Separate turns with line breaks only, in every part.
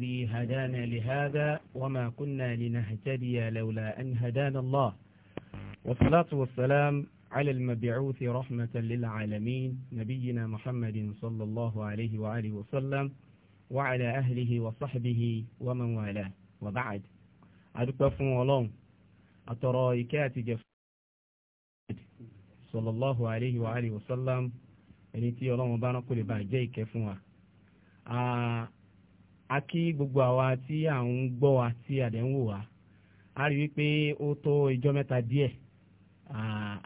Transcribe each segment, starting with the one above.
الذي هدانا لهذا وما كنا لنهتدي لولا أن هدانا الله والصلاة والسلام على المبعوث رحمة للعالمين نبينا محمد صلى الله عليه وآله وسلم وعلى أهله وصحبه ومن والاه وبعد أدوك فون ولون أترايكات جف صلى الله عليه وآله وسلم ẹni tí ọlọ́run bá rán kó lè a kí gbogbo àwa tí à ń gbọ́ wa tí àdẹ̀ ń wò wá a rí wípé ó tó ìjọ́ mẹ́ta díẹ̀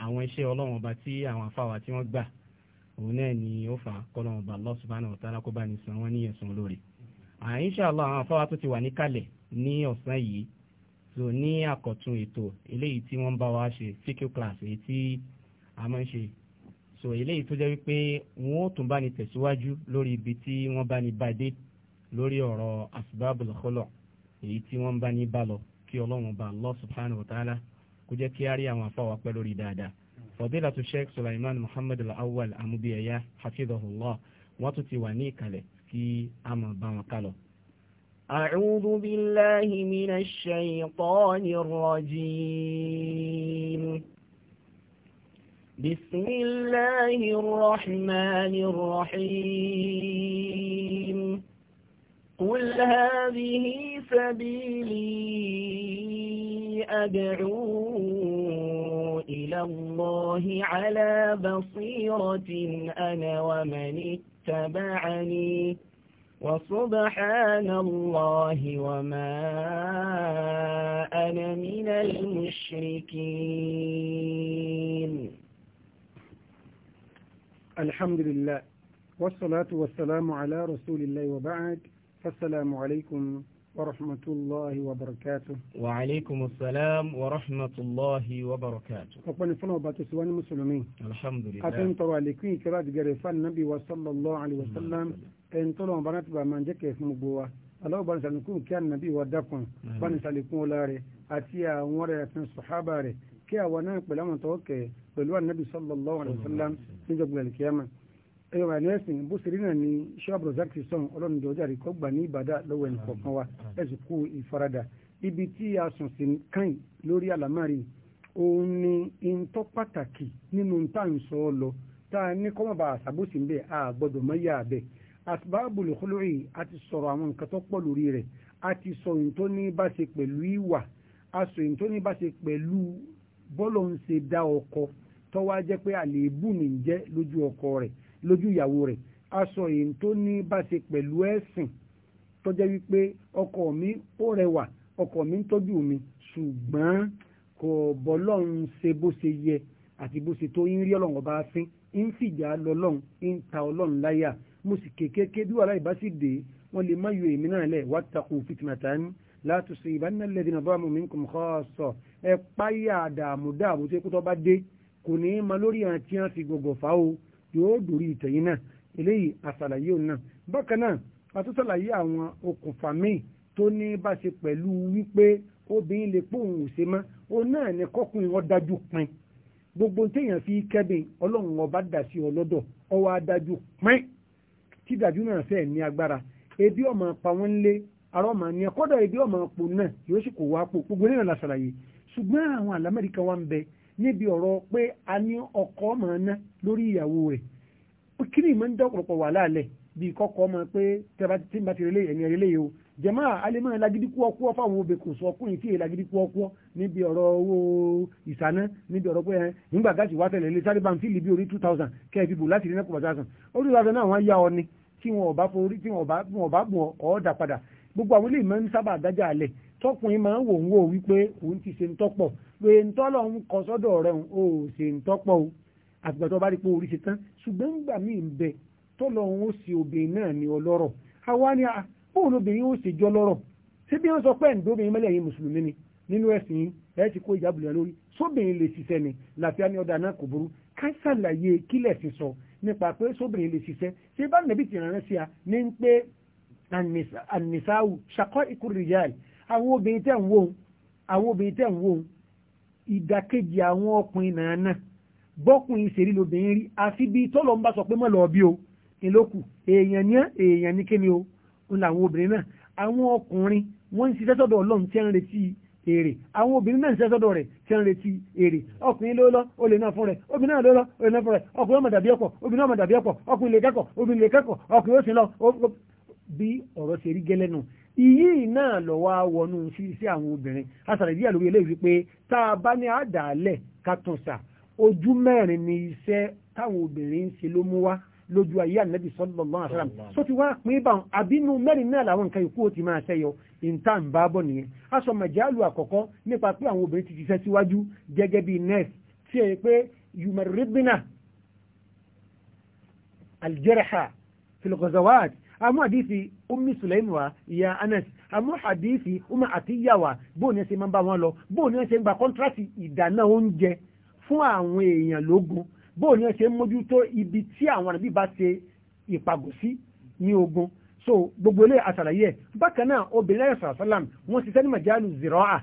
àwọn iṣẹ́ ọlọ́run ọba tí àwọn afáwa tí wọ́n gbà òun náà ni ó fà kọ́lọ́run ọba Allah subhanahu wa ta'ala kó bá ní san wọ́n ní ẹ̀sùn olóore inshallah àwọn afáwa tó ti wà níkàlẹ̀ ní ọ̀sán yìí so ní àkọ̀tun ètò eléyìí tí wọ́n bá wa ṣe fíkú class èyí tí a máa ń ṣe so eléyìí tó jẹ́ wípé wọ́n ó tún bá ní tẹ̀síwájú lórí ibi tí wọ́n bá ní bá dé lórí ọ̀rọ̀ asbabul khulu èyí tí wọ́n bá ní bá lọ kí ọlọ́run bá Allah subhanahu wa ta'ala kó jẹ́ kí á rí àwọn afáwà pẹ́ lórí dáadáa. fadilatu sheikh sulaiman muhammad al-awwal amubiyaya hafidhahullah wọ́n tún ti wà ní ìkàlẹ̀ kí a mọ̀ bá wọn kálọ̀. أعوذ بالله من الشيطان الرجيم
بسم الله الرحمن
الرحيم قل
هذه سبيلي أدعو إلى الله على بصيرة أنا ومن اتبعني وسبحان الله وما أنا من المشركين الحمد
لله والصلاة والسلام على رسول الله وبعد السلام
عليكم
ورحمة الله وبركاته
وعليكم السلام ورحمة الله وبركاته
أقول فلو باتسوان المسلمين
الحمد لله أتن
ترى لكي كرات جريفان النبي وصلى الله عليه وسلم أن بنات بمن جك في مبوا الله بن سالكون كان النبي ودكم بن سالكون لاري أتيا ورا أتن صحابة كي أوانا بلا من توكي بلوان النبي صلى الله عليه وسلم في جبل القيامة ẹ̀rọ àìní ẹ̀sìn bó ṣe rí náà ni iṣẹ́ abdulrasaq ti sọ̀n ọlọ́run ìjọba rẹ̀ kọ́ gbà ní ìbàdà lọ́wọ́ ẹnì kọ̀ọ̀kan wa ẹ̀sìn kú ìfaradà ibi tí a sùn sí kàn lórí àlámárì òun ni ìntọ́ pàtàkì nínú tá à ń sọ ọ lọ tá a ní kọ́mọ̀bà àṣàbòsí ń bẹ̀ a gbọ́dọ̀ mọ́yà abẹ́ asbábùlù khulu'i a ti sọ̀rọ̀ àwọn nǹkan tó pọ̀ lórí rẹ̀ a ti sọ ohun jẹ́ pé àléébù nìjẹ́ lójú ọkọ rẹ̀ lójú ìyàwó rẹ̀ aṣọ èyí tó ní bá ṣe pẹ̀lú ẹ̀sìn tó jẹ́ wípé ọkọ mi ó rẹwà ọkọ mi ń tọ́jú mi ṣùgbọ́n kò bọ́lọ́run ṣe bó ṣe yẹ àti bó ṣe tó ń rí ọlọ́run ọba fín ń fìjà lọ ọlọ́run ń ta ọlọ́run láyà mo sì kékeré bí wàhálà ìbá sì dé wọ́n lè má yọ èmi náà lẹ̀ wá takùn fìtìmọ̀tàn látùsí ìbánilẹ̀ dínà bá mi kò mọ̀ ọ́ sọ páyà dààmú dààmú tó kú tó bá dé kò ní í ma lórí àti àti gbogbo fáwọn yóò dórí ìtẹ̀yìn náà eléyìí àṣàlàyé òun náà bákan náà a tún ṣàlàyé àwọn okùnfà míì tó ní bá ṣe pẹ̀lú wípé obìnrin lè pé òun ò ṣe mọ́ òun náà ni kọ́kùnrin ọ̀dájú pin gbogbo téèyàn fi kẹ́bìn ọlọ́run ọba dà sí ọlọ́dọ̀ ọwọ́ adájú pin tí dàjú náà fẹ́ ní agbára ebi ọmọ pa wọ́n lé ara ọmọ ní ẹ̀kọ́dọ̀ ebi ọmọ po náà yóò sì kò wá po gbogbo nínú la ṣùgbọ́n àwọn àlámẹ́ríkà wa ń bẹ níbi ọ̀rọ̀ pé a ní ọkọ máa ná lórí ìyàwó rẹ̀ kí ni ìmọ̀ ń dá ọ̀pọ̀lọpọ̀ wà láàlẹ̀ bí kọ́kọ́ mọ̀ pé tí n bá ti rẹ̀ ẹ̀yìn rẹ̀ yìí o jẹ̀mọ́ alẹ́mọ́ lagidi kú ọkú fáwọn obè kò sọ ọkùnrin tí èyí lagidi kú ọkú níbi ọ̀rọ̀ owó ìsáná níbi ọ̀rọ̀ pé nígbà gáàsì wá tẹ̀lé sáré bá bí orí two thousand kẹ́ẹ̀fì bò láti rí nẹ́kọ̀ọ́ thousand orí two thousand náà wọ́n yá ọ ni tí wọn ò bá forí tí wọn ò bá bùn ọ́ dà padà gbogbo àwọn ilé ìmọ̀ ń sábà dájà alẹ̀ tọkùnrin máa ń wò ń wò wípé òun ti ṣe ń tọ́pọ̀ pé ń tọ́lọ̀ ń kọ sọ́dọ̀ rẹ̀ ń ò ṣe ń tọ́pọ̀ o àtìgbà tó bá rí pé orí ṣe tán ṣùgbọ́n nígbà míì ń bẹ tọ́lọ̀ ń ó ṣe obìnrin náà ní ọlọ́rọ̀ àwa ni bóun obìnrin ó ṣe jọ lọ́rọ̀ ṣé bí wọ́n sọ pé ǹdóbìnrin mẹ́lẹ̀ yín mùsùlùmí ni nínú ẹ̀sìn yín ẹ̀ ti kó ìjábùlẹ̀ lórí sóbìnrin lè ṣiṣẹ́ ni làfíà ní ọ̀dà náà kò burú ká ṣàlàyé kílẹ̀ ti sọ nípa pé sóbìnrin lè ṣiṣẹ́ ṣé bá nàbí ti rán sí a ní pé ànìsáwù ṣàkọ́ ikú rìyàl àwọn obìnrin tẹ̀ ń wò ó àwọn obìnrin tẹ̀ ń wò ó ìdàkejì àwọn ọkùnrin náà náà bọ́kùnrin ìṣèrí lobìnrin rí àfi bíi tọ́lọ́ ń bá sọ pé mọ́ lọ́ọ́ bí o ìlókù èèyàn ní èèyàn ní kíni o ń la àwọn obìnrin náà àwọn ọkùnrin wọ́n ń ṣiṣẹ́ sọ́dọ̀ ọlọ́run tí ń retí èrè àwọn obìnrin náà ń ṣiṣẹ́ sọ́dọ̀ rẹ̀ tí ń retí èrè ọkùnrin ló lọ olè náà fún rẹ̀ obìnrin náà ló lọ olè náà fún rẹ̀ ọkùnrin ọmọ dàbí ọkọ obìnrin ọmọ dàbí ọkọ ọkùnrin lè kẹ́kọ̀ọ́ obìnrin lè kẹ́kọ̀ọ́ ọkùnrin ó sì lọ bí ọ̀rọ̀ ṣe rí gẹ́lẹ́ nù iyì náà lọ wá wọnú sí àwọn obìnrin asàlẹ̀ díẹ̀ lórí eléyìí wípé tá a bá ní àdàálẹ̀ kàtúnṣà ojú mẹ́rin ni iṣẹ́ táwọn obìnrin ń ṣe ló mú wá lójú ayé ànábì sallallahu alaihi wasallam só ti wá pín bá àbínú mẹ́rin náà làwọn nǹkan ìkú ti máa ṣẹyọ ìta ń bá bọ̀ nìyẹn aṣọ màjálù àkọ́kọ́ nípa pé àwọn obìnrin ti ṣiṣẹ́ síwájú gẹ́gẹ́ bíi nurse tí ẹ pé yumaribina aljeraha filgozawat àmú àdífi Ummi Sulaim wa ìyá Anas àmú àdífi Ummu Atiyya wa bóò ní ẹsẹ̀ máa ń bá wọn lọ bóò ní ẹsẹ̀ ń gba kọ́ńtrátì ìdáná oúnjẹ fún àwọn èèyàn lógun bóò ní ẹsẹ̀ ń mójútó ibi tí àwọn àrẹ̀bí bá ṣe ìpàgọ́ sí ní ogun so gbogbo ilé àṣàlàyé ẹ̀ bákan náà obìnrin ayọ̀ sàlám wọ́n ṣiṣẹ́ ní màjálù zìrọ́à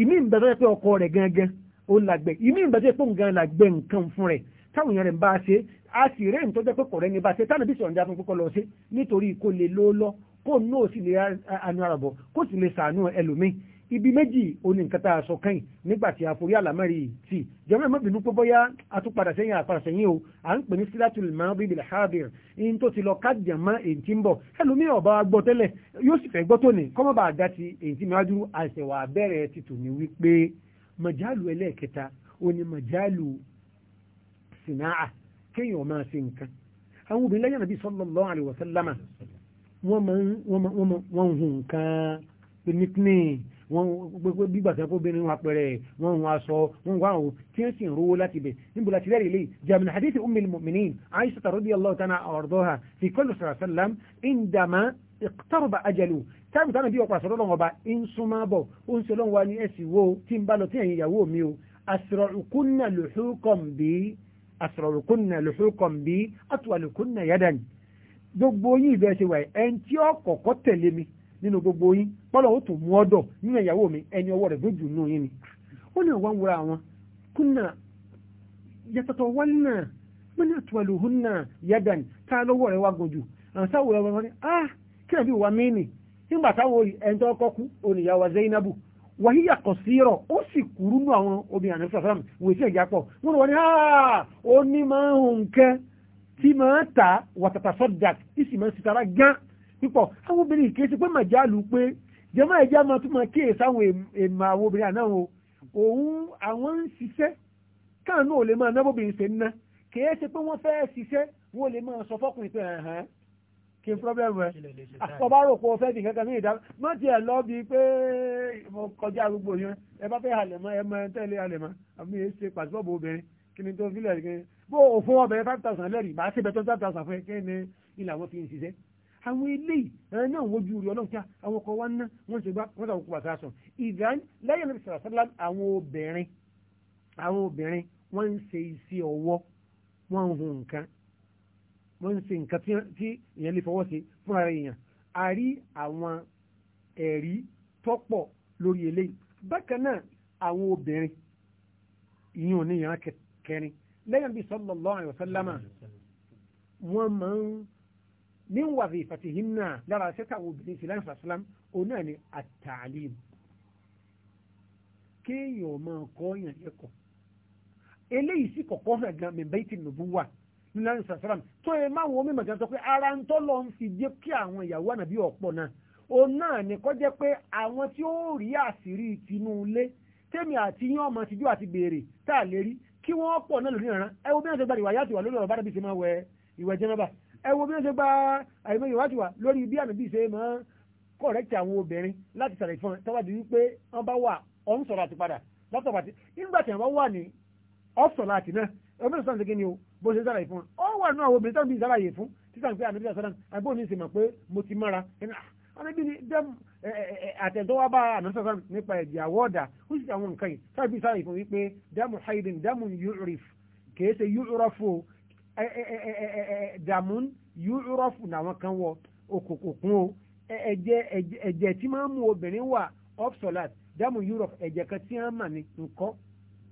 ìmí ìbẹ̀tọ́ pé ọkọ rẹ̀ gangan ó làgbẹ̀ ìmí ìbẹ̀tọ́ pé òun gan nǹkan fún rẹ̀ táwọn èèyàn rẹ̀ ń bá a ṣe a sì rẹ́yìn tó jẹ́ pé kọ̀rẹ́ ni bá a ṣe tánà bí sọ̀rọ̀ fún kọ́kọ́ lọ sí nítorí kó lè ló lọ kó nù ó sì lè anú ara bọ̀ kó sì lè sàánú ẹlòmíì ibi méjì oní nǹkan tá a sọ kẹ́yìn nígbà tí a forí àlámẹ́rì tí jẹ́mọ́ ìmọ̀ bínú pé bóyá a tún padà sẹ́yìn àpàdà sẹ́yìn o à ń pè ní sílátùlù máa bí ibìlẹ̀ hábìrì in tó ti lọ kájà mọ́ èyí tí ń bọ̀ ẹlòmíì ọ̀bá gbọ́ tẹ́lẹ̀ yóò sì fẹ́ gbọ́ tó kọ́mọ́ bá dá ti èyí tí mìíràn àṣẹwà bẹ̀rẹ̀ ti tò ní wípé màjálù ẹlẹ́ẹ̀kẹta oní màjálù صناعة kéèyàn máa ṣe nǹkan àwọn obìnrin الله عليه وسلم ومن ومن ومن ń hun nǹkan nípínì wọ́n gbogbo bí gbàtà kó bínú apẹ̀rẹ̀ wọ́n ń aṣọ wọ́n wá òun tí ó sì ń rówó láti bẹ̀ níbo láti rẹ̀ ilé jamin hadith ummil mu'minin aisha radiyallahu ta'ala ardaha fi kulli sallam indama iqtaraba ajalu táàbù táàbù bí ọkọ̀ àṣọ́rọ̀ lọ́wọ́ ọba ń súnmọ́ bọ̀ ó ń ṣe lọ́wọ́ wa ní ẹ̀sìn wo tí ń bá lọ tí ẹ̀yin ìyàwó mi o àṣìrọ̀ ìkúnnà lùhúkọ̀ bíi asrarukunna luhuqan bí atwalukunna yadan gbogbo yín ṣe wà ẹni tí ó kọ́kọ́ tẹ̀lé mi nínú ó tún mú nínú ìyàwó mi ẹni ọwọ́ rẹ̀ gbójú nù yín ni ó ní ọ̀wá ń wura àwọn kúnnà yàtọ̀tọ̀ wọ́n náà wọ́n ní atwaluhunna yadan tá lọ́wọ́ rẹ̀ wá gojù àwọn sáwọ́ rẹ̀ wọ́n ní ah kí wàhíyà kọ̀ sí rọ̀ ó sì kúrú nú àwọn obìnrin àná sọ̀rọ̀ wòye sí ẹ̀já pọ̀ wọ́n wọ́n ní ah, ó ní máa ń kẹ́ tí máa ta wàtàtà sọ́dà tí sì máa ń sitara gán pípọ̀ àwọn obìnrin kìí ṣe pé màjálù pé jẹ́mọ́ ẹ̀já máa tún máa kíyèsí àwọn èèmà àwọn obìnrin àná o òun àwọn ń ṣiṣẹ́ káàánú ò lè máa nábòbìnrin ṣe ń ná kìí pé wọ́n fẹ́ ṣiṣẹ́ wọ́n lè máa sọ fọ́kùnrin kí n problem rẹ̀ ọba ah, rò pọ̀ fẹ́ nìkan kan ní ìdá má ti ẹ̀ lọ bíi pé mo kọjá gbogbo yẹn ẹ bá fẹ́ halẹ̀ mọ́ ẹ mọ ẹ tẹ́lẹ̀ halẹ̀ mọ́ àmì ẹ ṣe pàṣípọ̀bù obìnrin kí ni tó fílẹ̀ kí ni bó òfin ọbẹ̀ five thousand lẹ́rìí bá ṣe bẹ̀ tó five thousand fún ẹ kí ni ilẹ̀ àwọn fi ń ṣiṣẹ́ àwọn ilé ẹ̀rẹ́ náà wojú rí ọlọ́run tí àwọn ọkọ̀ wa ná wọ́n ṣe gbá wọ́n tàwọn kúpa sáà sọ ìdán lẹ́yìn náà sọ̀rọ̀ wọ́n ń ṣe nǹkan tí èèyàn lè fọwọ́ sí fúnra èèyàn a rí àwọn ẹ̀rí tọ́pọ̀ lórí eléyìí bákan náà àwọn obìnrin ìyún ní ìran kẹrin lẹ́yìn bí sallallahu alaihi wasallam wọ́n máa ń ní wà fi ìfàtìhìn náà lára ṣẹ́ta obìnrin sí láìsí àṣálám òun náà ni at kéèyàn máa kọ́ yàn lẹ́kọ̀ọ́ eléyìí sí kọ̀kọ́ hàn gan min bayti nubuwah nínú àrùn sàṣàràm tó yẹ máa wọ́n mímọ̀ kan sọ pé ara ń tọ́ lọ ń fi jẹ́ kí àwọn ìyàwó ànàbí ọ̀pọ̀ náà òun náà ní kọ́ jẹ́ pé àwọn tí ó rí àṣírí tinú ilé tèmi àti yín ọmọ tìjú àti béèrè tá a lè rí kí wọ́n pọ̀ náà lórí ìran ẹ wo bí wọ́n ṣe gba ìwà yàtìwà lórí ọ̀rọ̀ bárẹ́bí ṣe máa wẹ ìwẹ̀ jẹ́nàbà ẹ wo bí wọ́n ṣe gba àìmọ̀ ìwà yàtìwà lórí bí ànàbí ṣe máa kọ̀rẹ́kì àwọn obìnrin láti sàrẹ̀ fún ẹ tọ́wádìí wípé wọ́n bá wà ọ̀hún sọ̀rọ̀ àti padà lọ́tọ̀ pàtí nígbà tí àwọn wà ní ọ̀sọ̀ láti náà ọmọ ìsọ̀rọ̀ ṣe kí ni o bó ṣe sàlàyé fún wọn ó wà nínú àwọn obìnrin tó ń bí sàlàyé fún títà ń pé àmì bíi sàlàyé àbí òní sì mọ̀ pé mo ti mọ́ra àmì bíi dẹ́m àtẹ̀tọ́ wá bá àmì sàlàyé nípa ẹ̀jẹ̀ àwọ̀dà ó sì àwọn nǹkan yìí sàlàyé bíi sàlàyé fún wípé dẹ́mù haidin dẹ́mù yúrif kìí ṣe yúrọ́fù dàmú yúrọ́fù làwọn kan wọ òkùnkùn o ẹ̀jẹ̀ tí máa ń mú obìnrin wà obsolat dẹ́mù yúrọ̀f ẹ̀jẹ̀ kan tí wọ́n mà ní nǹkan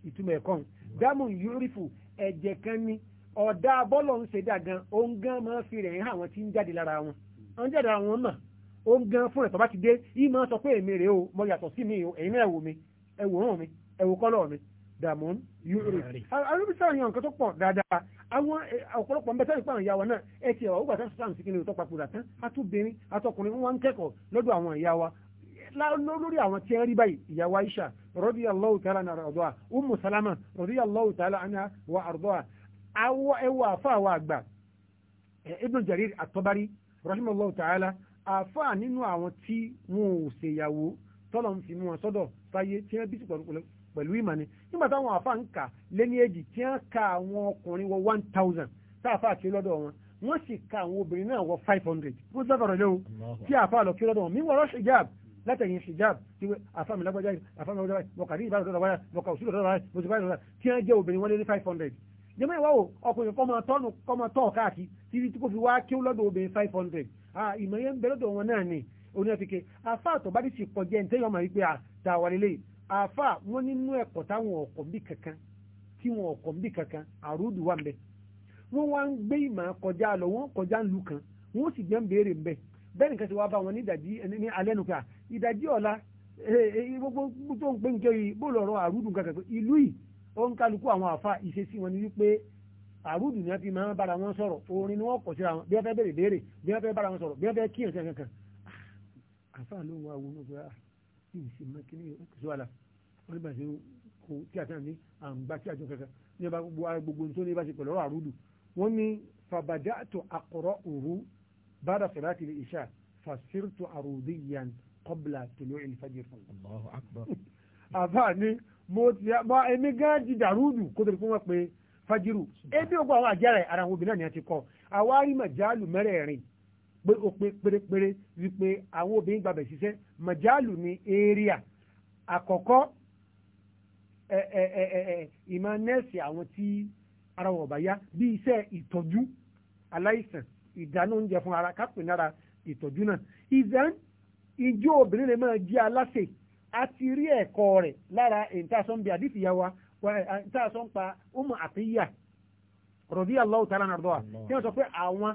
ìtumọ̀ ẹ̀kọ́ dẹ́mù yúrífù ẹ̀jẹ̀ kan ní ọ̀dá bọ́lọ̀ ń ṣe dàgan òun gan máa fi rẹ̀ hàn àwọn tí ń jáde lára wọn àwọn jáde lára wọn mà ó ń gan fún ẹ̀tọ́ bá ti dé yìí máa sọ pé èmi rèé o mo yàtọ̀ sí mi o ẹ̀yin náà wò mi ẹ wò hàn mi ẹ wò kọ́lọ̀ mi dààmú yúrì arúgbó yàn nǹkan tó pọ̀ dáadáa àwọn ọ̀pọ̀lọpọ̀ mbẹ́tẹ́ ìpá àwọn ìyáwa náà ẹ ti ẹ̀wà ọgbà sáà lórí àwọn tí ń rí báyìí ìyáwa Aisha radiyallahu ta'ala anha àrọ̀dọ́à Ummu Salama radiyallahu ta'ala anha wa àrọ̀dọ́à awọ ẹwọ àfà àwọn àgbà eh, Ibn Jarir At-Tabari rahimahullahu ta'ala àfà nínú àwọn tí wọn ò ṣèyàwó tọ́lọ̀ ń fi mú wọn sọ́dọ̀ sáyé tí wọ́n bí sí pẹ̀lú ìmọ̀ ni nígbà táwọn àfà ń kà lẹ́ni èjì tí wọ́n ka àwọn ọkùnrin wọ one thousand tá àfà kí lọ́dọ̀ wọn wọ́n sì ka àwọn obìnrin náà wọ five hundred wọ́n sábàrọ̀ lẹ́wọ́ tí àfà lọ kí lọ́dọ̀ wọn mi wọ́n rọ́ṣ hijab látẹ̀yìn hijab tí àfà mi lágbájá àfà mi lágbájá mọ̀kàdí ìbára jẹ́mọ́ ìwọ́ ọkùnrin kọ́ máa tọ́nù kọ́ máa tọ́ káàkiri títí tí kò fi wá kí ó lọ́dọ̀ obìnrin five hundred ìmọ̀ yẹn ń bẹ lọ́dọ̀ wọn náà ni oní ọ̀tìkẹ́ afá àtọ̀bá ti sì kọjá ẹ̀ tẹ́yọ̀ máa wípé àtàwà lélẹ̀ afá wọn nínú ẹ̀kọ́ táwọn ọkọ̀ bí kankan tí wọn ọkọ̀ bí kankan àrùdù wà mbẹ wọn wá ń gbé ìmọ̀ kọjá lọ wọn kọjá ń lu kan wọn sì jẹ́ ń béèrè mbẹ bẹ́ẹ̀ nìkan ti wá bá wọn ní alẹ́ nu pé ìdajì ọ̀la eh, eh, gbogbo tó ń pè ń kẹ́ yìí bó lọ́rọ̀ àrùdù kankan ìlú yìí ó ń kálukú àwọn àfa ìṣesí wọn ni wípé àrùdù ni wọn fi máa ń bára wọn sọ̀rọ̀ orin ni wọn kọ síra wọn bí wọn fẹ́ bèrè béèrè bí wọn fẹ́ bára wọn sọ̀rọ̀ bí wọn fẹ́ kíyàn sí kankan
ah, àfa
ló ń wá wo ní ọgbà kí n sì máa kíní ìṣó àlà wọn nígbà tí kò tí a sàn ní àǹgbá tí a jọ kankan ní ọba gbogbo gbogbo tó ní bá ṣe pẹ̀lú àrùdù wọn ní fàbàdà àtò àkọrọ òru bára sọ̀rọ̀ àti ìṣà fàṣírtò àrùdíyàn kọ́bìlà tòló ìlfàjì fún un. àfa ní mo ti bọ́ èmi gán di dàrúdù kó tó fi wọ́n pe fajiru ah. ebi ogun àwọn àjẹrẹ ara àwọn obìnrin náà ti kọ àwárí màjálù mẹ́rẹ̀ẹ̀rin pé ó pé pérépéré wípé àwọn obìnrin gbàbẹ̀ ṣiṣẹ́ màjálù ní area àkọ́kọ́ ìmọ̀ nẹ́ẹ̀sì àwọn tí ara wọn bá yá bí iṣẹ́ ìtọ́jú aláìsàn ìdáná oúnjẹ fún ara kápẹ́ nára ìtọ́jú náà ìzẹ́ ijó obìnrin lè máa jẹ́ aláṣẹ ti rí ẹ̀kọ́ rẹ̀ lára ìtàṣọ́n bí àdífì ya wa ìtàṣọ́n pa umu àtìyà radiyallahu ta'ala nàrọ̀dọ́wà tí wọ́n sọ pé àwọn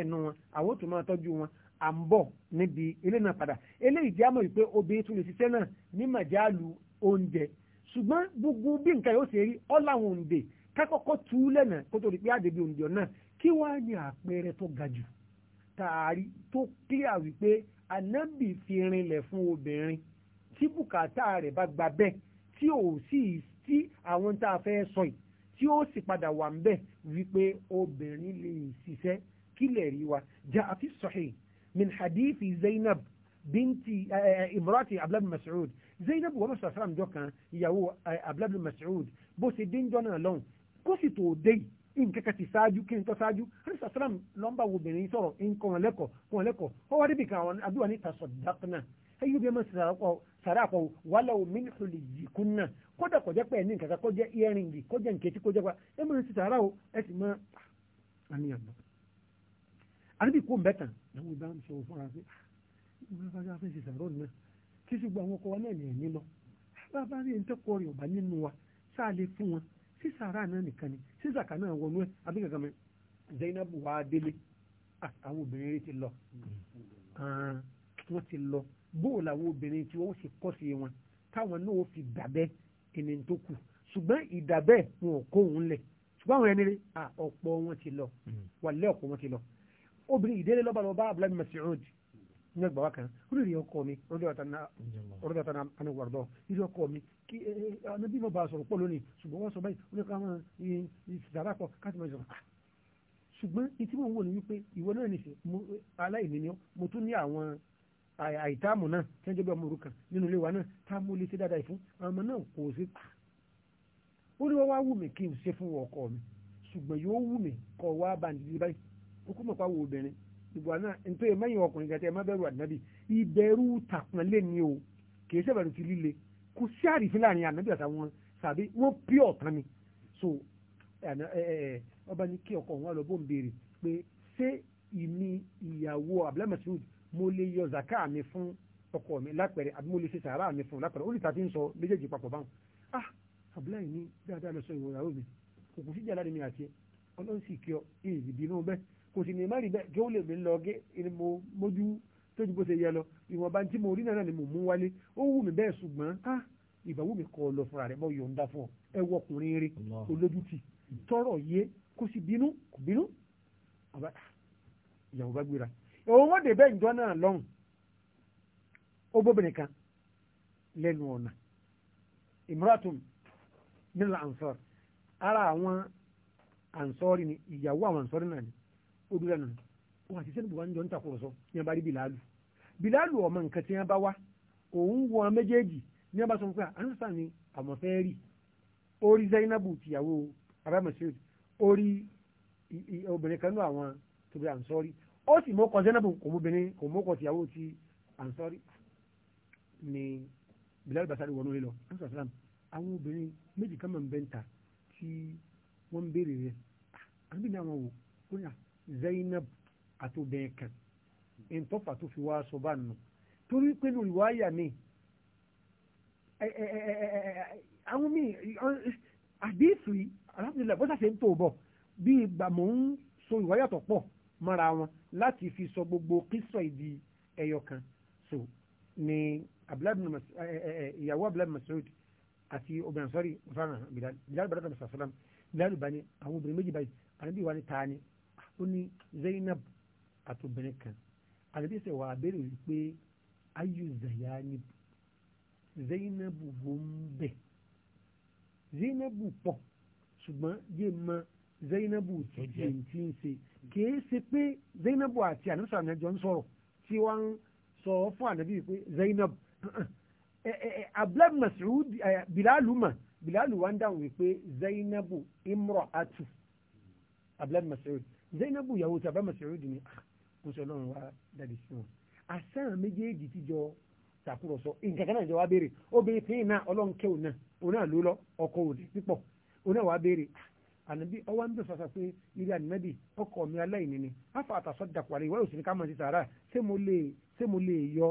ẹ̀nu wọn àwọn tó máa tọ́jú wọn à ń bọ̀ níbi ilé náà padà eléyìí jẹ́ àmọ́ ìpé obìnrin tún lè ṣiṣẹ́ náà ní màjálù oúnjẹ ṣùgbọ́n gbogbo bí nǹkan yóò ṣe rí òǹdè kákọ́kọ́ tú lẹ́nà kó tó di pé òǹdè kí wàá ní àpẹẹrẹ tó ga jù anábì fi rinlẹ̀ fún obìnrin tí bùkátà rẹ̀ bá gba bẹ́ẹ̀ tí ò sì tí àwọn tá a fẹ́ sọ yìí tí ó sì padà wà ń bẹ̀ wípé obìnrin lè ṣiṣẹ́ kílẹ̀ rí wa jà àfi sahih min hadithi zainab binti eh, eh, imrati abdullah bin mas'ud zainab wa masu asalam jọ kan ìyàwó eh, abdullah bin Mas'oud. bó ṣe dé ń jọ náà lọ́hùn kó sì tó dé yìí nkẹ́kẹ́ ti ṣáájú kí n tọ́ ṣáájú Ànábì sàlám lọ́nba wo obìnrin sọ̀rọ̀ nǹkan wọn lẹ́kọ̀ọ́ wọn lẹ́kọ̀ọ́ wọn wá débi kan àwọn àdúrà níta sọ̀dákùnà ẹ̀yọ́ bí ẹ máa sàrà àpọ̀ wàhálà omi nìkúlì yìí kún náà kódà kọjá pẹ̀ ní nǹkan kọjá earring kọjá nkẹ́tí kọjá pa ẹ máa ti sàrà o ẹ sì máa àníyàn lọ. àníbi kó mbẹ́tàn làwọn ìbá ń sọ fúnra pé ah, bàbá fẹ́ ṣe sàrọ̀ náà kí ṣùgbọ́n àwọn ọkọ wa náà ní ẹ̀mí lọ bàbá rí ẹni tẹ́kọ̀ọ́ rẹ̀ ọ̀bá nínú wa sáà lè fún wọn sí sàárà náà nìkan ni sí sàkà náà wọnú ẹ abíkankan mi Zainab wà á délé ah, àwọn obìnrin rẹ ti lọ ah, wọ́n ti lọ bóò làwọn obìnrin tí wọ́n sì kọ́ sí wọn táwọn náà fi dàbẹ́ ẹni tó kù ṣùgbọ́n ìdàbẹ́ wọn ò kó òun lẹ̀ ṣùgbọ́n àwọn ẹni rẹ ah, ọ̀pọ̀ wọn ti lọ hmm. wà ọ̀pọ̀ wọn ti lọ obìnrin ìdílé lọ́ba lọ́ba Abdullahi Mas'ud ní ọgbà eh, eh, ah, wa kan olórí ọkọ mi ọdún àtàná anúwàrdọ ilé ọkọ mi kí anábí mọ̀ bá a sọ̀rọ̀ pọ̀ lónìí ṣùgbọ́n wọ́n sọ báyìí ó ní ká máa ìsàrà pọ̀ káàtì máa sọ̀rọ̀ ṣùgbọ́n ìtí mò ń wò ní wípé ìwọ náà nìṣe aláìní ni mo tún ní àwọn àìtáàmù náà tí wọ́n jẹ́ bí ọmọ òrukàn nínú ilé wa náà tá a mú lè ṣe dáadáa ìfún ọmọ náà kò sí pa ó ní wọ́n wá wù mí kí n ṣe fún ọkọ mi ṣùgbọ́n yóò wù mí kọ́ wá bá ń dìde báyìí ó kú mọ̀ pa wo obìnrin ìbùwà náà nítorí mẹ́yìn ọkùnrin gàtẹ́ má bẹ̀rù ànábì ìbẹ̀rù tàpọ̀nlé ni o kì í sẹ́bẹ̀rù ti líle kò sí àrífín láàrin ànábì àtàwọn sàbí wọ́n pí ọ̀tán ni so ọba ní kí ọkọ wọn lọ bó ń béèrè pé ṣé ìmí ìyàwó Abdullah Mas'ud mo lè yọ zaka mi fún ọkọ mi lápẹ̀rẹ̀ àbí mo lè ṣe sàárà mi fún lápẹ̀rẹ̀ ó sì ń sọ méjèèjì papọ̀ báwọn ah Abdullah ní dáadáa lọ sọ ìwòrán mi òkú síjà láti mi àti ọlọ́run sì kí ọ èyí ìbínú bẹ́ẹ̀ kò sì ní má rí bẹ́ẹ̀ kí ó lè mi lọ gé mo mójú tójú bó ṣe yẹ lọ ìwọ̀nba tí mo rí náà ni mo mú wálé ó wù mí bẹ́ẹ̀ ṣùgbọ́n á ìbáwú mi kọ́ lọ fúnra rẹ̀ mọ́ yọ̀ǹda fún ọ ẹ wọ ọkùnrin rẹ olójútì tọrọ yé kó sì bínú kò bínú ìyàwó bá gbéra òun wọ́n dé bẹ́ẹ̀ ìjọ náà lọ́hùn ó bóbìnrin kan lẹ́nu ọ̀nà imratum nílà ansọ́r ara àwọn ansọ́rí ni ìyàwó àwọn ansọ́rí náà ni odò lẹ́nu wọn àti sẹ́ni buhari jọ ń takùrọ̀sọ ní abárí bilalu bilalu ọmọ nǹkan tí wọn bá wá òun wọ méjèèjì ní abá sọ pé ah, anúṣà ni àwọn fẹ́ rí orí zainabu tìyàwó abamasiru orí obìnrin kan ní àwọn tóbi ansori ó sì mọ́kọ zainabu kò mú obìnrin kò mọ́kọ tìyàwó ti ansori ni bilalu basari wọnú lílọ anúṣà sàlám àwọn obìnrin méjì kan máa ń bẹ́ńtà tí wọ́n ń béèrè rẹ̀ ah, àbí ní àwọn wò ó ní ah, Zainab àtòbẹ̀yìn kan ìntọ́fà tó fi wá aṣọ bá nù torí pé lórí wáyà mi àwọn míì àdéhùn yìí alhamdulilayi bọ́sà ṣe ń tò bọ̀ bí ìgbà mò ń so ìwáyà tó pọ̀ mọ́ra wọn láti fi sọ gbogbo kíso ìdí ẹyọ kan so ni ìyàwó abdullahi masoud àti obìnrin sọ́rí fáwọn bilal bilal bàdàkà masasalam bilal bani àwọn obìnrin méjì báyìí àníbí wa ni taani ó ní Zainab àtòbìnrin kan àdébí ṣe wà abẹ́rẹ́ wípé ayu zayani Zainab wo ń bẹ̀ Zainab pọ̀ ṣùgbọ́n yé ma Zainab tó jẹ́ ti ń ṣe kìí ṣe pé Zainab àti àníṣà àjọ ń sọ̀rọ̀ tí wọ́n ń sọ fún ànábì pé Zainab abdulai masoud bilalu ma bilalu wa ń dáhùn wípé Zainab imro atu abdulai masoud Zainabu ìyàwó tí abámasì ọ̀rẹ́dì ni ah, mo sọ lọ́run wá dàbí sí wọn àṣà méjèèjì ti jọ tàkúrọ̀sọ nǹkan kan náà jọ wá béèrè obìnrin tí náà ọlọ́run kẹ́ òun náà òun náà ló lọ ọkọ òde pípọ̀ òun náà wá béèrè ah, ànábì ọwọ́ ń bẹ̀ sọ́sọ́ pé ilé ànábì ọkọ mi aláìní ni afa àtàsọ́ dàkúrẹ́ ìwé òsì ní ká mọ̀ sí sàárà ṣé yọ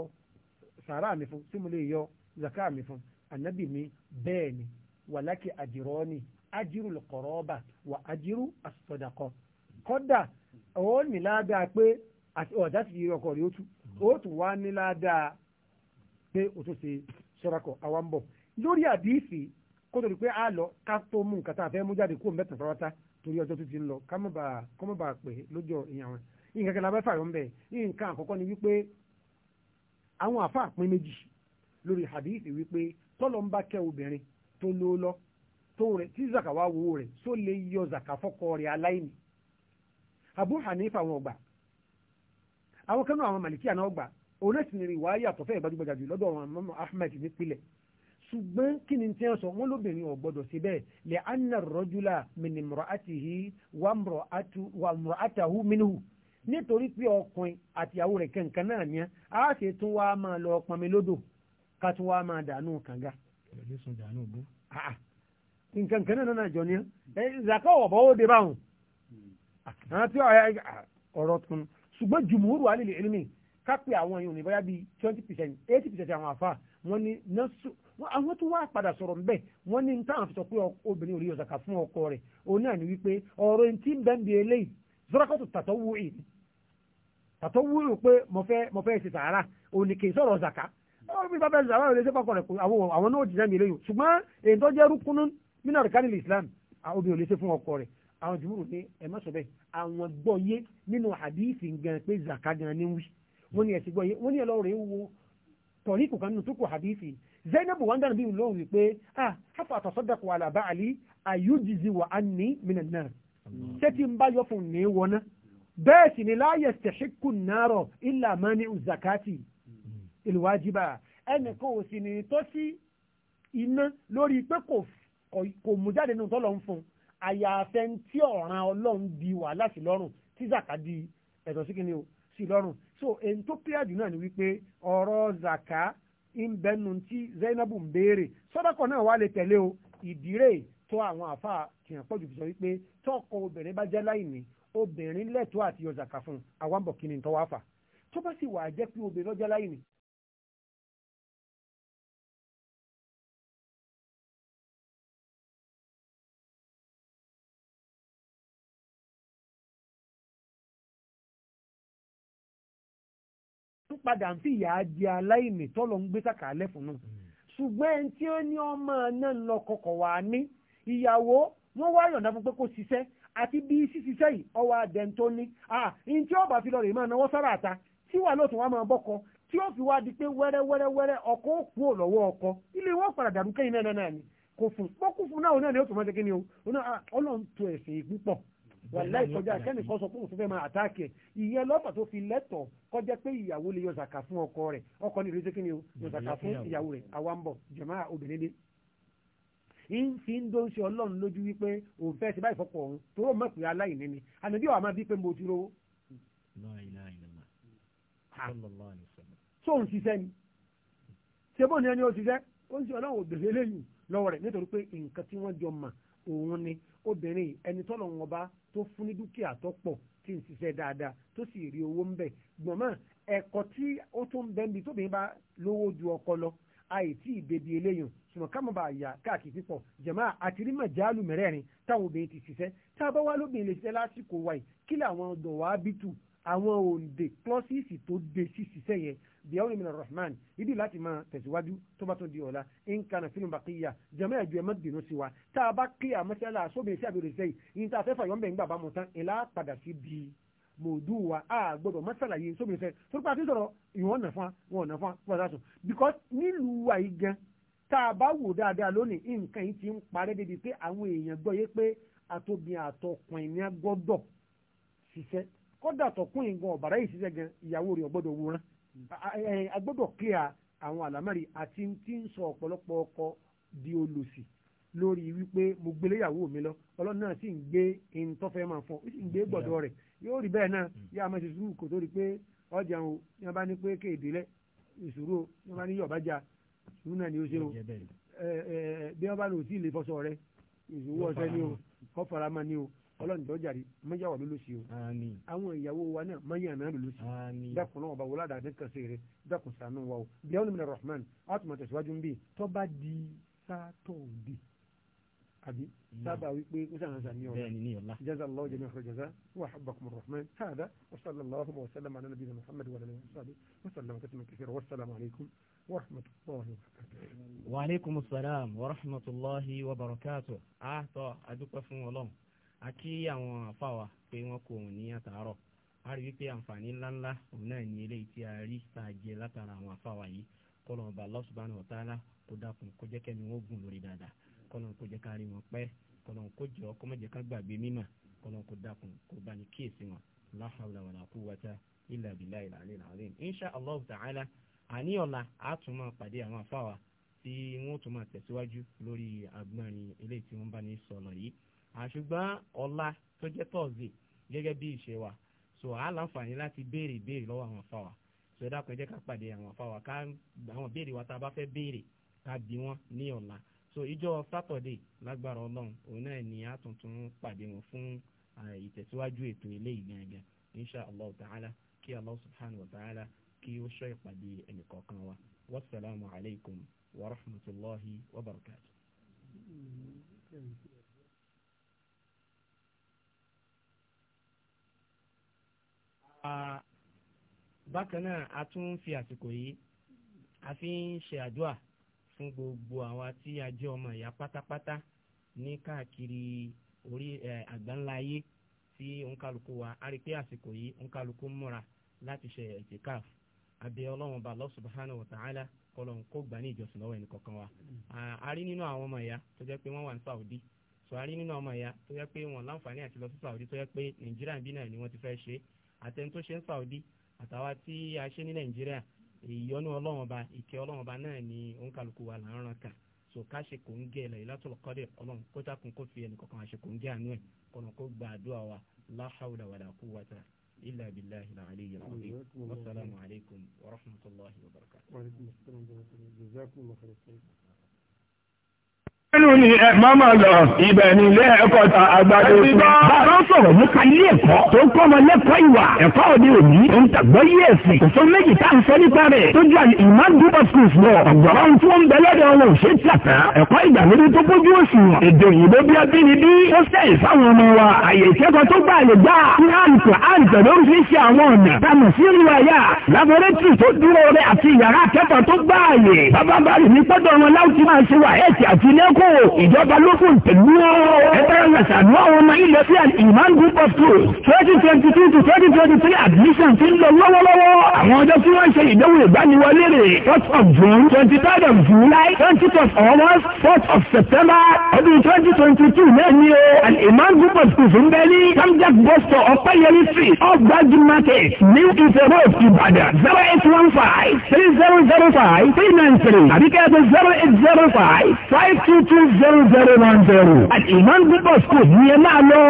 sàárà mi fún ṣé yọ zaka mi fún ànábì mi bẹ́ẹ̀ wàlákì àjìrọ́ ni ajiru lọ́kọ̀rọ̀ ọba wà ajiru àsọdàkọ́ kọ́dà ó ní ládàá pé ọ̀dà ti yí ọkọ̀ rí ó tú ó tún wá ní pé ó tó ṣe sọ́rakọ̀ àwa ń bọ̀ lórí àdìsí pé a lọ ká tó mú nǹkan tá a fẹ́ mú jáde kó mẹ́tàn fọwọ́tá torí ọjọ́ tó ti ń lọ ká má bàa pè é lójó ìyàn wọn nǹkan kan lábẹ́ fàyọ̀ ń bẹ̀ nǹkan àkọ́kọ́ ni wípé àwọn àfáà pín méjì lórí wípé tọ́lọ ń bá kẹ́ obìnrin tó ló lọ Abu Hanifa wọn gbà àwọn kanú àwọn màlìkí àná gbà òun náà sì ní rí wáyé àtọ́fẹ́ ìbájúgbajà jù lọ́dọ̀ àwọn Imam Ahmed nípìnlẹ̀ ṣùgbọ́n kí ni tí wọ́n sọ wọ́n lóbìnrin ò gbọ́dọ̀ sí bẹ́ẹ̀ lè anna rọ́júlà mìnìmọ̀rọ̀ àtìhí wà mọ̀rọ̀ àtàhú mìnìhù nítorí pé ọkùnrin àtìyàwó rẹ̀ kẹ̀kẹ́ náà ni a ṣe tún wá máa lọ pọnmi lódò ká tún wá máa dànù kànga. nǹkan kan náà náà jọ ni ẹ zaka ọ̀bọ̀ ó dé báwọn àwọn tí ọ̀rọ̀ tún ṣùgbọ́n jùmùúrù alìlè ẹlẹ́mì kápẹ́ àwọn èèyàn níbáyá bíi twenty percent eighty percent àwọn àfa wọn ni àwọn tó wá padà sọ̀rọ̀ ńbẹ̀ wọn ní táwọn fi sọ pé obìnrin ò rí ọ̀sàkà fún ọkọ rẹ̀ òun náà ni wípé ọ̀rọ̀ ẹni tí ń bẹ́ẹ̀ ń bi eléyìí zọ́rọ́kọ̀tù tàtọ́ wú ì tàtọ́ wú ì pé mo fẹ́ mo fẹ́ ṣe sàárà òun ni kì í sọ̀rọ̀ ọ̀sàkà ọ̀rọ̀ mi bá fẹ́ sàárà òun lè ṣe fọ́kọ rẹ̀ àwọn náà ò jìnnà mi eléyìí ṣùgbọ́n èyí tó jẹ́ rúkúnú mínà rẹ̀ kánìlì Islam obìnrin ò lè ṣe fún ọkọ rẹ̀ àwọn jùmúrù pé ẹ má sọ bẹ́ẹ̀ àwọn gbọ́ yé nínú àdíìsì gan pé zaka gan ni wí wọ́n ní ẹ̀sìn gbọ́ yé wọ́n ní ẹlọ́rẹ̀ wo tọ̀rí kò kan nínú tó kò àdíìsì Zainabu wọn dànù bí lóhùn wípé ah hafa àtọ̀sọ́dàkọ̀ àlàbà àlì àyójìzì wà á ní mìíràn náà ṣé tí ń bá yọ fún ní wọn ná bẹ́ẹ̀ sì ni láàyè tẹ̀síkù náírọ̀ ilà máa ní zakati ìlúwájibà hmm. ẹnìkan ò sì ní tó iná lórí pé kò mú jáde nù tọ́lọ̀ ń fún un àyàfẹ́ tí ọ̀ràn ọlọ́run di wàhálà sí lọ́rùn tí zaka di ẹ̀tọ́ sí kíni sí lọ́rùn so èyí tó clear jù náà ni wípé ọ̀rọ̀ zaka ń bẹnu tí Zainabu ń béèrè sọ́dọ̀kọ̀ náà wà lè tẹ̀lé o ìdírè tó àwọn àfa kìyàn pọ̀jù sọ wípé tọkọ obìnrin bá jẹ́ láìní obìnrin lẹ́tọ́ àti yọ zaka fún àwọn bọ̀
tó bá sì wà jẹ́ pé obìnrin lọ́jọ́ láìní padà ń fi ìyà jẹ aláìní tọ́lọ̀ ń gbé sàkàlẹ̀ fún náà ṣùgbọ́n
ẹni tí ó ní ọmọ náà lọ kọkọ̀ wá ní ìyàwó wọ́n wá yọ̀ǹda fún pé kó ṣiṣẹ́ àti bí ṣíṣiṣẹ́ yìí ọwọ́ adẹ́n tó ní ah ní tí ọba fi lọ rè máa náwó sára àta tí wà lóòtún wá máa bọ́kọ tí ó fi wá di pé wẹ́rẹ́wẹ́rẹ́wẹ́rẹ́ ọkọ ó kú lọ́wọ́ ọkọ ilé wọn padà dàrú kẹ́yìn náà náà ni kò fún pọ́kú fún náà náà ni ó tún máa ṣe kí ni o ọlọ́run tó ẹ̀sìn púpọ̀ wàlá ìkọjá akẹ́nìkan sọ pé òun fẹ́ máa àtáàkì ẹ̀ ìyẹn lọ́pàá tó fi lẹ́tọ̀ kọjá pé ìyàwó lè yọ fún ọkọ rẹ̀ ọkọ ní ìrètí kíni o yọ fún ìyàwó rẹ̀ àwa ń bọ̀ jẹ̀má obìnrin ni. ń fi ń dó ń ṣe ọlọ́run lójú wípé òun fẹ́ ṣe báyìí fọpọ̀ òun tó mọ̀ pé aláìní ni ànàbí wàá máa pé mo ti rówó. sóun ṣiṣẹ́ ni ṣé bóun ni ẹni ó ṣiṣẹ́ ó ń ṣe ọlọ́run òbèrè lẹ́yìn lọ́wọ́ rẹ̀ nítorí pé nǹkan tí wọ́n obìnrin tó fún ní dúkìá tó pọ̀ tí ń ṣiṣẹ́ dáadáa tó sì rí owó ń bẹ̀ gbọ̀nmọ́ ẹ̀kọ́ tí ó tó ń bẹ́ẹ̀ bí tóbìnrin bá lówó ju ọkọ lọ àìtí ìbèbí eléyìn ṣùgbọ́n ká mọ̀ bá yà káàkiri pípọ̀ jẹ̀mọ́ àti rí mẹ́rẹ̀ẹ̀rin táwọn obìnrin ti ṣiṣẹ́ tá a bá wá lóbìnrin lè ṣiṣẹ́ lásìkò wáyé kí làwọn ọ̀dọ̀ wá bí tù àwọn òǹdè klọ́sìsì tó de ṣiṣẹ́ yẹn bí àwọn ìmìnira rahman ibi láti máa tẹ̀síwájú tó bá tó di ọ̀la nǹkan fílùm bàkìyà jẹ́mọ́ ẹ̀jọ́ ẹ̀mọ́ dènà sí wa tá a bá kí àmọ́sẹ́lá sóbìnrin sí àbẹ̀rẹ̀ sẹ́yìn yìí tá a fẹ́ fàyọ́ mbẹ̀ ńgbà bá mu tán ìlà padà sí bí mòdù wa a gbọdọ̀ mọ́sálàyé sóbìnrin sẹ́yìn tó pàtó sọ̀rọ̀ ìwọ̀n nà fún wa wọn nà fún wa because nílùú wa yìí gan tá a bá wò dáadáa lónìí nǹkan yìí ti ń parẹ́ débi kódà tó kún ìgbọ̀n ọ̀bàrà yìí ṣiṣẹ́ gan ìyàwó rẹ̀ wúrán agbọ́dọ̀ clear àwọn àlámárì àti tí ń sọ ọ̀pọ̀lọpọ̀ ọkọ di olùsì lórí wípé mo gbélé ìyàwó mi lọ ọlọ́run náà sì ń gbé ìntọ́fẹ́ máa fọ́ ó sì ń gbé gbọ̀dọ̀ rẹ̀ yóò rí bẹ́ẹ̀ náà mm. yá a máa ṣe sùúrù kò tó pé ọjà bá ní pé kéde lẹ ìṣòro ní bá ní sùúrù náà ni ó ṣe o bí wọn bá lò sí ilé ọlọ́run jọ jàre mọ́yà wà lólóṣì o àwọn ìyàwó wa náà mọ́yà náà lólóṣì dákun náà ọba wọládàá ní kẹsẹ̀ rẹ dákun sànú wa o bí àwọn ènìyàn rahman àtúmọ̀ tẹ̀síwájú ń bè tó bá di sátọ̀dé àbí sábà wípé ó sàn sàn ní ọ̀la jaza allah jamiu khairu jaza wa habbakum rahman hada wa sallallahu wa sallam ala nabiyina muhammad wa
alihi wa sahbihi wa rahmatulahi wa barakatuh. a tọ́ a dúpẹ́ fún ọlọ́run a kí àwọn àfa wa pé wọ́n kó òun ní àtàárọ̀ a rí wípé àǹfààní ńláńlá òun náà ní eléyìí tí a rí tá a jẹ látara àwọn àfa wa yìí kọ́lọ̀ ọba Allah subhanahu wa ta'ala kó dákun kó jẹ́ kẹ́mi wọ́n gùn lórí dáadáa kọ́lọ̀ kó jẹ́ ká wọn pẹ́ kọ́lọ̀ kó jọ kó má jẹ́ ká gbàgbé mímọ̀ kọ́lọ̀ kó dákun kó bá ní kíyèsí wọn la hawla wala quwwata illa billahi al-ali al-azim insha Allah ta'ala àní ọ̀la a tún máa pàdé àwọn àfa wa tí wọ́n tún máa tẹ̀síwájú lórí agbọ́nrin eléyìí tí wọ́n bá ní sọ̀rọ̀ yìí àṣùgbọ́n ọ̀la tó jẹ́ tọ́sídẹ̀ẹ́ gẹ́gẹ́ bí wa so a láǹfààní láti béèrè ìbéèrè lọ́wọ́ àwọn afáwa so ẹ dákun ẹ jẹ́ ká pàdé àwọn afáwa ká àwọn béèrè wa tá a bá fẹ́ béèrè ká bí wọn ní ọ̀la so ìjọ sátọ̀dẹ̀ lágbára ọlọ́run òun náà ni a tuntun pàdé wọn fún ìtẹ̀síwájú ètò eléyìí gangan insha allah ta'ala kí allah subhanahu wa ta'ala kí ó ṣọ́ wa wasalaamu alaykum wa rahmatulahi wa barakatu. bákan náà a tún fi àsìkò yìí a fi ń ṣe àdúà fún gbogbo àwa tí a jẹ́ ọmọ ìyá pátápátá ní káàkiri orí àgbáńlá ayé tí òǹkàlùkù wa a rí pé àsìkò yìí òǹkàlùkù múra láti ṣe ẹ̀tìkáf abẹ́ ọlọ́run bá Allah subhanahu wa ta'ala kọlọ́n kó gbà ní ìjọsìn lọ́wọ́ ẹnì kọ̀ọ̀kan wa. a rí nínú àwọn ọmọ ìyá tó jẹ́ pé wọ́n wà ní Saudi so a rí nínú ọmọ ìyá tó jẹ́ pé wọ́n láǹfààní àti lọ sí Saudi tó jẹ́ pé Nàìjíríà bí náà ni wọ́n ti fẹ́ ṣe é àtẹni tó ṣe ń Saudi àtàwa tí a ṣe ní Nàìjíríà ìyọ́nú Ọlọ́run ọba ìkẹ́ Ọlọ́run ọba náà ni òǹkàlùkù wa là ń ràn kà so ká ṣe kò ń gé ẹ Laylatul Qadr Ọlọ́run kó dákun kó fi ẹnì kọkàn àṣekò ń gé àánú ẹ kọlọn kó gba àdúrà wa la hawla wala quwwata illa billahi al-aliyyil azim wasalaamu alaykum wa rahmatulahi wa
nínú ni ẹ máa máa lọ ibẹ̀ ní ilé ẹ̀kọ́ ta àgbàdo fún. bàbá sọ̀rọ̀ nípa ilé ẹ̀kọ́ tó ń kọ́ ọmọ lẹ́kọ̀ọ́ ìwà ẹ̀kọ́ òde òní tó ń tàgbọ́ yí ẹ̀sìn kò sóun méjì tá à ń sọ nípa rẹ̀ tó ju àlè imam duba schools lọ ọ̀gbọ̀rọ̀ ń bẹ lọ́dọ̀ wọn ò ṣe àtà ẹ̀kọ́ ìgbàlódé tó bójú òṣùwọ̀n èdè òyìnbó no ìjọba lókùn pẹ̀lú ẹ̀tẹ́rẹ̀sà ní àwọn ọmọ ilẹ̀ sí Iman Group of Schools 2022 to 2023 admission ti ń lọ lọ́wọ́lọ́wọ́ àwọn ọjọ́ tí wọ́n ṣe ìdánwò ìgbaniwọlé rẹ̀ 4th of June 23rd of July 20th of August 4 of September ọdún 2022 náà ni o Iman Group of Schools ń bẹ ní Samjak bus stop Ọ̀pẹ́yẹrí street off Gbájú market New Ife road zero zero zero eight one five three Ìbàdàn 0815 3005 393 àbíkẹ́ five five two two zero zero one zero at Imam Bukos School ní ẹ máa lọ.